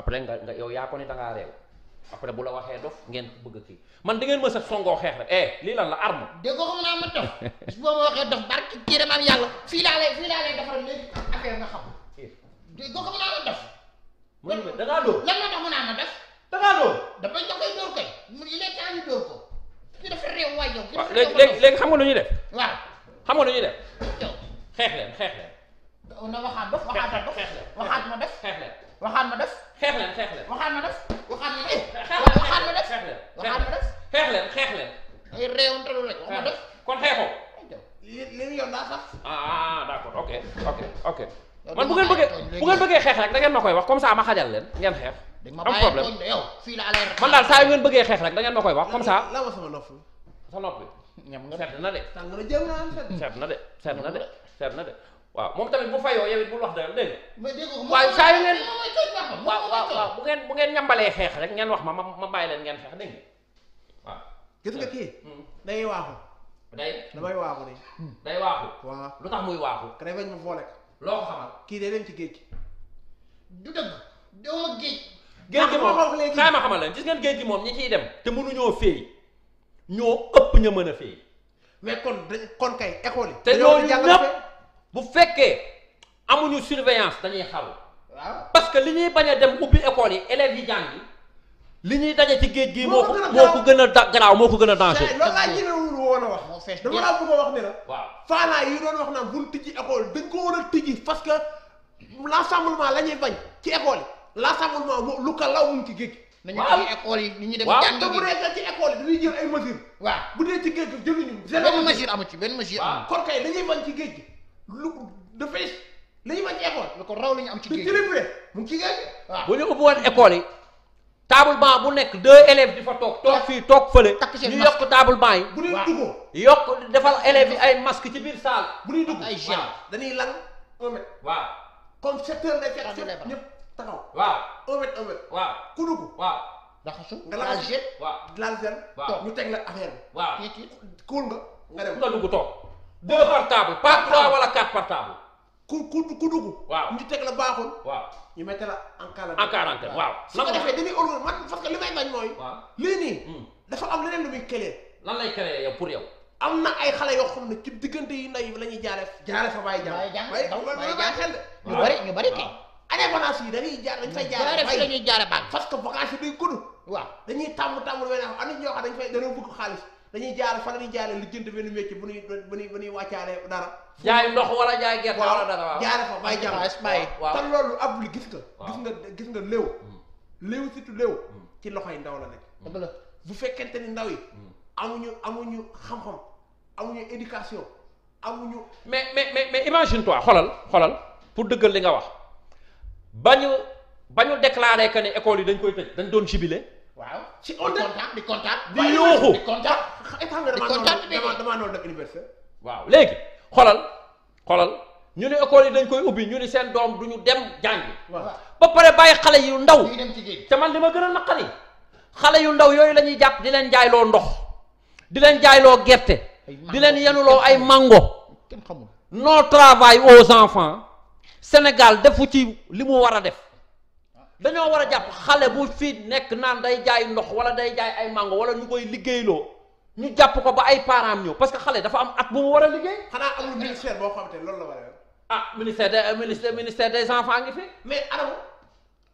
après nga nga yow yaa ko ne da ngaa après bu la waxee dof ngeen bëgg a kii man da ngeen ma sa songoo xeex rek eh lii lan la arme. dégg nga xam naa ma dof ma waxee dof barki kii maam ma dof. da ngaa dóor lan ma dof. da ngaa dóor. dafay da koy dóor mu il est temps ñu dóor ko. ki dafa réew waay yow. waaw léegi léegi xam nga lu ñuy def. waaw na waxaat dof waxaat ma dof xeex waxaan ma def. xeex leen xeex leen. waxaan ma def. waxaan ma def. waxaan ma def. xeex leen waxaan ma def. xeex leen xeex leen. ay réewantalu rek wax ma def. kon xeexoo. li li yoon daa sax. Ah, xeex koy wax comme ça ma leen ngeen xeex. am problème yow man daal saa yu ngeen bëggee xeex rek da ngeen ma koy wax comme ça. sa nopp ñam nga sedd na de. tàng na jëm naa na de sedd na de sedd na de. waaw moom tamit bu fayoo yow it bul wax dara dégg nga. waaw saa yu ngeen waaw bu ngeen bu xeex rek ngeen wax ma ma ma bàyyi leen ngeen xeex dégg nga waaw. gis nga hmm. damay waaxu de. Hmm. day waaxu. lu tax muy waaxu. crevette mu boole ko. loo ko kii day dem ci géej gi. du dëgg. doo géej. géej gi moom saa ma xamal leen gis ngeen géej gi moom ñi ciy dem. te mënuñoo féey ñoo ëpp ña mën a féey. mais kon kon kay école yi. te ñoo ñëpp bu fekkee amuñu surveillance dañuy xaru parce que li ñuy bañ a dem ubbi école yi élèves yi jàngi li ñuy daje ci géej gi moo ko ko gën a garaaw moo ko gën a danger loolu laa jëlewul woon a wax dama laa bëgg a wax ne la waaw faanaa yi doon wax naan bul tijji école dañ ko a tijji parce la ñuy bañ ci école yi l'ensemble lu ko lawuñ ci géej gi nañu am école yi ni ñu dem jàng bu dee ci école yi dañuy jël ay mesures waaw bu dee ci géej gi jëluñu benn mesure amu ci benn mesure amu dañuy bañ ci géej gi lu dafay li ñu wàññi école lu ko raw la ñu am ci géej mu ngi ci géej waaw bu ñu ubbi woon école yi table banc bu nekk deux élèves di fa toog toog fii toog fële ñu yokk table banc yi bu ñuy duggoo yokk defal élèves yi ay masque ci biir saal bu nuy dugg ay gel dañuy lang un mètre waaw comme sept heures lay fekk ñëpp taxaw waaw un mètre un mètre waaw ku dugg waaw daxasu nga laal waaw laal teg la affaire bi waaw kii kii kuul nga nga dem nga dugg toog deux portables pas trois wala quatre portables. ku ku ku dugg. waaw ñu teg la baaxul. waaw ñu mette la en quarantaine. en waaw. su ko defee dañuy organiser man parce que hmm. dafa am leneen lu muy créer. lan lay pour yow. am na ay xale yoo xam yu ndaw yi la ñuy jaaree. jaaree fa bàyyi jaaree que vacances yi day gudd. waaw dañuy tàmm tàmm lu am na ñoo xam dañ fay dañoo bëgg xaalis dañuy jaare fa nga ñuy jaare li jënd benn métier bu ñuy bu ñuy bu ñuy wàccaale dara jaay ndox wala jaay gerte wala dara waaw jaare fa bàyyi jàmm bàyyi te loolu ab li gis nga gis nga gis nga léew hmm. léew surtout léew hmm. ci loxoy ndaw la nekk hmm. bu fekkente ni ndaw yi amuñu amuñu xam-xam amuñu éducation amuñu mais mais mais mais imagine toi xolal xolal pour dëggal li nga wax ba bañu bañu déclaré que ne école yi dañ koy tëj dañ doon jubilé waaw ci kontaan di kontaan. di yuuxu di kontaan di kontaan di dégg damaa noonu nag waaw léegi xoolal xoolal ñu ne école yi dañ koy ubbi ñu ne seen doom du ñu dem jàngi. ba pare bàyyi xale yu ndaw. dem ci te man li ma gën a naqari xale yu ndaw yooyu lañuy jàpp di leen jaayloo ndox di leen jaayloo gerte. di leen yenuloo ay mango. non travail aux enfants Sénégal defu ci li mu war a def. dañoo war a jàpp xale bu fi nekk naan day jaay ndox wala day jaay ay mango wala ñu koy liggéeyloo ñu jàpp ko ba ay parent am ñëw parce que xale dafa am at bu mu war a liggéey. xanaa amul ministère boo xamante loolu la war a ah ministère ministère ministère des enfants ngi mais araw.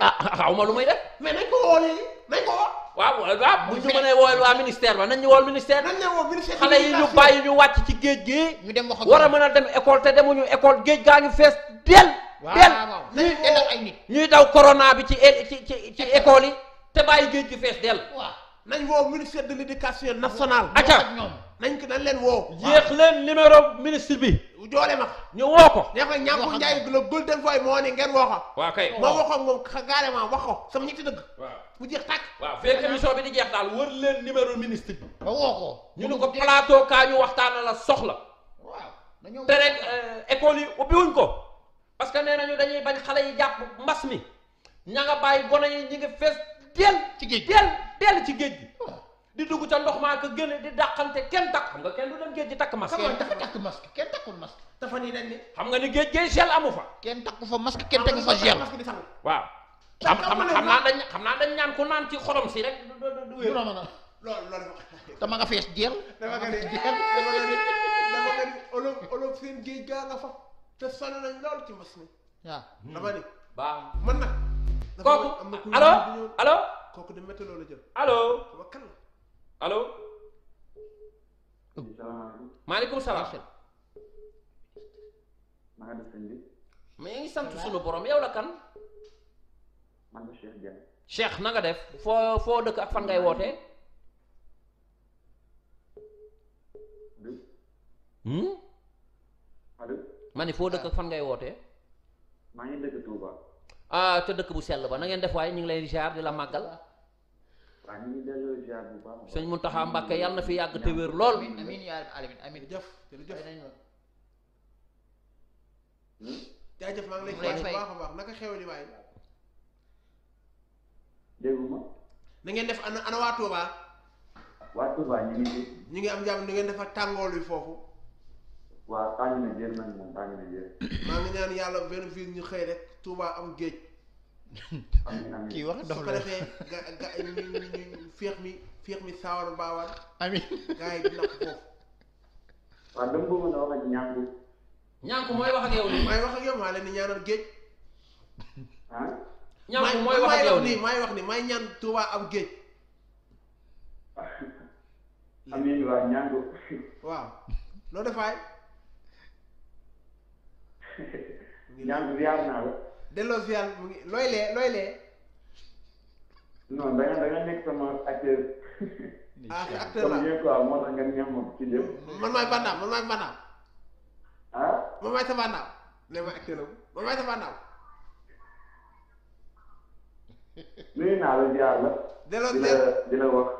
ah xaw ma lu muy def. mais nañ ko woolee nañ ko woo. waaw waaw bu ñu mënee woowee waa ministère ba nañ ñu wool ministère. nañ leen woo ministère xale yi ñu bàyyi ñu wàcc ci géej gi. ñu dem wax war a mën a dem école te demuñu école géej gaa ngi fees del teel nañu teelal ay nit ñuy daw corona bi ci e-, ci ci ci yi te bàyyi géej gi fees dell waaw nañ woo ministère de l' éducation nationale aca ñoom nañ ko nañ leen woo yéex leen numéro ministre bi joole ma ñëw woo ko ñe ko ñàkku njaay bi la golden voice moo ne ngeen woo ko waaw kay moo waxoon moom carrément wax ko sama ñetti dëgg waaw mu jeex tàkk waaw fekk bi di jeex daal wër leen numéro ministre bi ba woo ko ñu ne ko plateau kaa ñu waxtaana la soxla waaw te rek euh, école yi ubbiwuñ ko parce que nee nañu dañuy bañ xale yi jàpp mbas mi ña nga bàyyi gone yi ñi ngi fees dell ci géej dell ci géej gi di dugg ca ndox maa ko gën di dàqante kenn takk xam nga kenn du dem géej gi takk masque kenn dafa takk masque kenn takkul masque dafa nii dañ ni xam nga ni géej géej gel amu fa kenn takku fa masque kenn takku fa gel waaw xam xam naa dañ xam naa dañ ñaan ku naan ci xorom si rek du romb na loolu loolu dama nga fees dell dama nga fees dell dama nga ni olof olof seen géej gaa nga fa te sonn nañu loolu ci mbas mi. waaw man nag. kooku allo allo kooku de météo la jël. allo sama oh. salaam. maa ngi ngi sant sunu borom yow la kan. man la na nga def. foo foo dëkk ak fan ngay wootee. ma ne foo dëkk ak ah. fan ngay wootee. maa ngi dëkk ah te dëkk bu sell ba na ngeen def waaye ñu ngi lay ziar di la màggal. waaw ñu ngi delloo ziar bu yàlla na fi yàgg te lool. amiin amiin yaa rabbi alamin amiin jëf jërëjëf. Hmm? jaajëf maa ngi lay ngeen def ana ana waa Touba. waa Touba ñu ngi. am jàmm na ngeen def tàngoor wi foofu. waaw tàng na jër nag moom tàng na jër. maa ngi ñaan yàlla benn ville ñu xëy rek Touba am géej. amiin amiin kii wax dox la su ko mi féex mi saawar baawar. amiin gars yi foofu. waaw wax ak ñànku. ñànku mooy wax ak yow nii. maay wax ak yow maa leen di ñaanal géej. ah. mooy wax ak yow nii maay wax ni maay ñaan Touba am géej. amiin waaw ñànku. waaw loo defaay. ñaan ziar naa la. delloo ziar mu ngi looy lee looy lee. non da nga da nga nekk sama acteur. ah acteur la moo tax nga ñam moom ci Bandaam man Bandaam. ah. man maay sa ma acteur la man maay sa Bandaam. nuyu naa la ziar la. delloo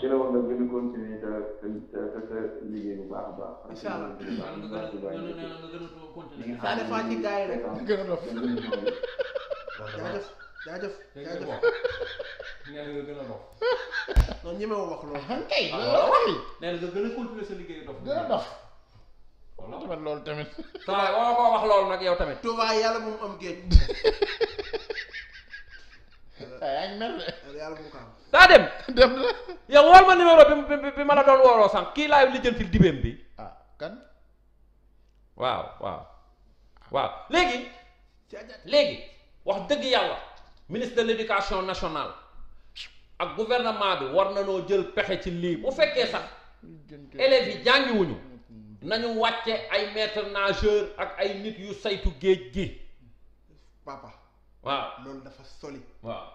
ci la wax nag gën a continuer te te te te liggéey bu baax a baax. incha allah nga gën a gën a continuer. ça dépend ci gars yi rek. gën a dof jaajëf jaajëf jaajëf. nee na nga gën a dof. non ñi ma wax loolu. Ah, kay ah, nee na nga gën a continuer sa liggéey dof. gën a dof. loolu tamit loolu tamit. waaw waaw wax loolu nag yow tamit. Touba yàlla moom am géej. Eh, yaa ngi mer yàlla bu ko am. daa dem. dem na. yow wool ma numéro bi bi ma la doon wooroo sànq kii laay lijjantil dibeem bi. ah kan. waaw waaw. waaw léegi. léegi wax dëgg yàlla. ministre de l'éducation nationale. ak gouvernement bi war na noo jël pexe ci lii bu fekkee sax. élèves yi jàngiwuñu. nañu wàcce ay maître nageur ak ay nit yu saytu géej gi. papa. waaw waaw.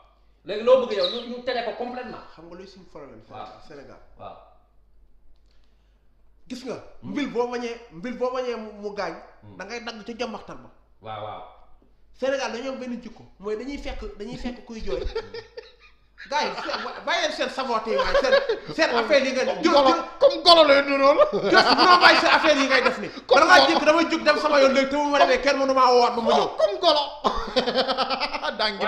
léegi loo bëgg yow ñu ñu tere ko complètement xam nga luy suñu problème. waaw Sénégal waaw. gis nga. Hmm. mbil boo bañee mbil boo bañee mu gaañ. Hmm. da ngay dagg ca jëm waxtaan ba. waaw waaw. Sénégal dañoo benn jikko mooy dañuy fekk dañuy fekk kuy jooy. Hmm. gars yi seen saboté yi waaye seen seen affaire yi nga jël yi ngay def ni da ngaa jëkk dama jóg dem sama yoon léegi te mu ma demee kenn mënu maa woowaat ba ma ñëw comme golo daa ngi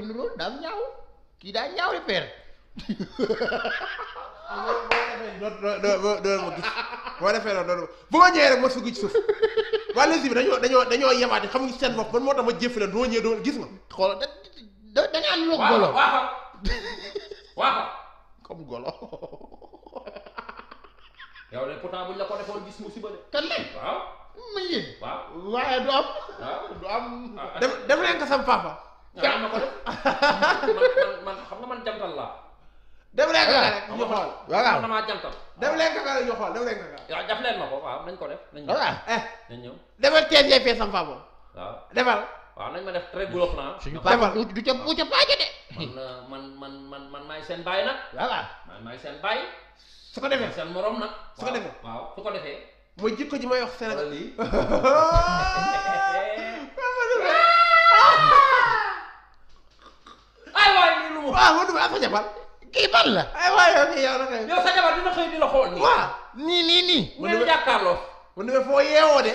noonu daal kii daa ñaaw de père doo doo ma gis boo defee noonu doo bu ma ñëwee rek ma sugg ci suuf waa léegi bi dañoo dañoo dañoo yemaat xam nga seen bopp man moo tax jëf leen doo ñëwee doo gis nga xoolal da da nga ànduloo golo waaw waaw comme golo. yow de pourtant buñ la ko defoon gis musiba de. kan lañ waaw. ma waaye du am. du am. Ah, ah. def def leen ko sam papa. ah ma ko def man man xam nga man jantal laa. def leen ko rek ñu xool. waaw man maa jantal. def leen ko rek leen ma ko waaw nañ ko def. nañ ñëw waaw eh, nañ ñëw. defal fee sam defal. waaw nañ ma def très gros plan. suñu papa du ca bu ca paaja de. man man man man man maay seen baay nag. voilà man seen baay. su ko defee seen morom nag. su ko waaw su ko defee. mooy jikko ji may wax Sénégal lii. waaw moo dugal ak sa la. aywa yow kii yow nag. jàkkaarloo. mu demee foo yeewoo de.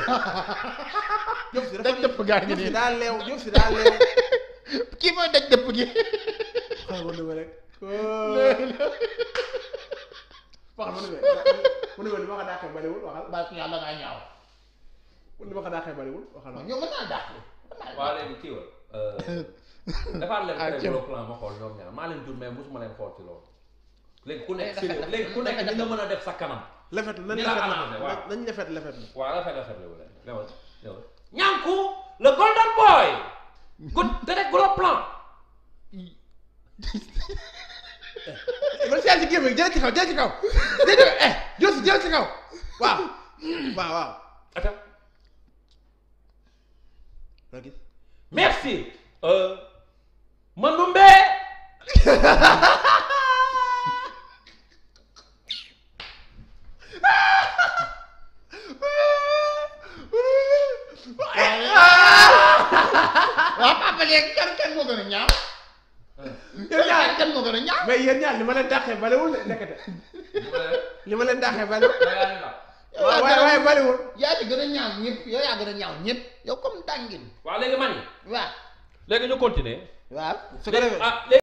Diop si dafa dëpp gaa ngi nii daa leew daa leew. kii mooy daj dëpp gi. xaaral ma nume rek. waxal ma nume mu nume li ma ko dàqee bariwul waxal bàyyi ko yàlla ngaa ñaaw. li ma ko dàqee bariwul waxal ma ñoom mën naa dàq. waaw léegi kii ma xool ñoom ñaar maa ci loolu. léegi ku nekk léegi ku nekk ni nga mën a def sa kanam. lefet nañ lefet nañ lefet lefet la. waaw lefet la wala lewal lewal. ñànku le golden boy. good direct gros plan. man si ci gémmiñ jël ci kaw jël ci kaw jël ci kaw eh jël si jël kaw waaw waaw waaw. attends. ok merci. Euh, Manoumbe. nga léegi kan moo gën a ñaaw. yéen ñaar kan moo gën a ñaaw. mais yéen ñaar li ma leen dàqee balewul nekkate. li ma leen dàqee balewul. waaw waaye waaye balewul. yaa ci gën a ñaaw ñëpp yow yaa gën a ñaaw ñëpp yow comme tàngin. waaw léegi man. waaw léegi ñu continuer. waaw su